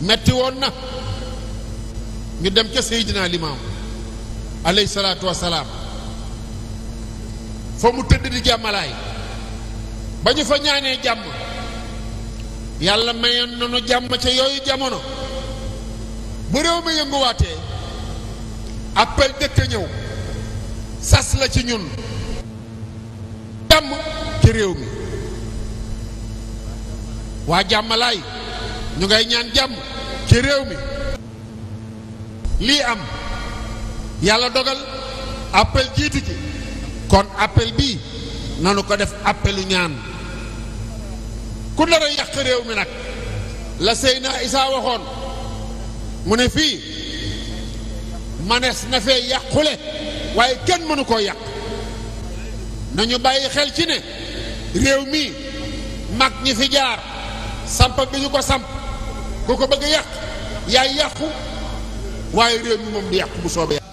metti woon na ñu dem ca Seydina Limaam alayhi salaatu wasalaam fa mu tëdd di jàmmalaay ba ñu fa ñaanee jàmm yàlla mayoon nanu jàmm ca yooyu jamono bu réew mi yënguwaatee appel dëkk ñëw sas la ci ñun jàmm ci réew mi waa jàmmalaay ñu ngay ñaan jàmm ci réew mi lii am yàlla dogal appel jiitu ci kon appel bii nanu ko def appelu ñaan ku nar a yàq réew mi nag la Seydina Isaa waxoon mu ne fii manees na fee yàqule waaye kenn mënu koo yàq nañu bàyyi xel ci ne réew mi mag ñi fi jaar samp bi ñu ko samp koo ko bëgg a yàq yaay yàqu waaye réew mi moom di yàqu bu soobee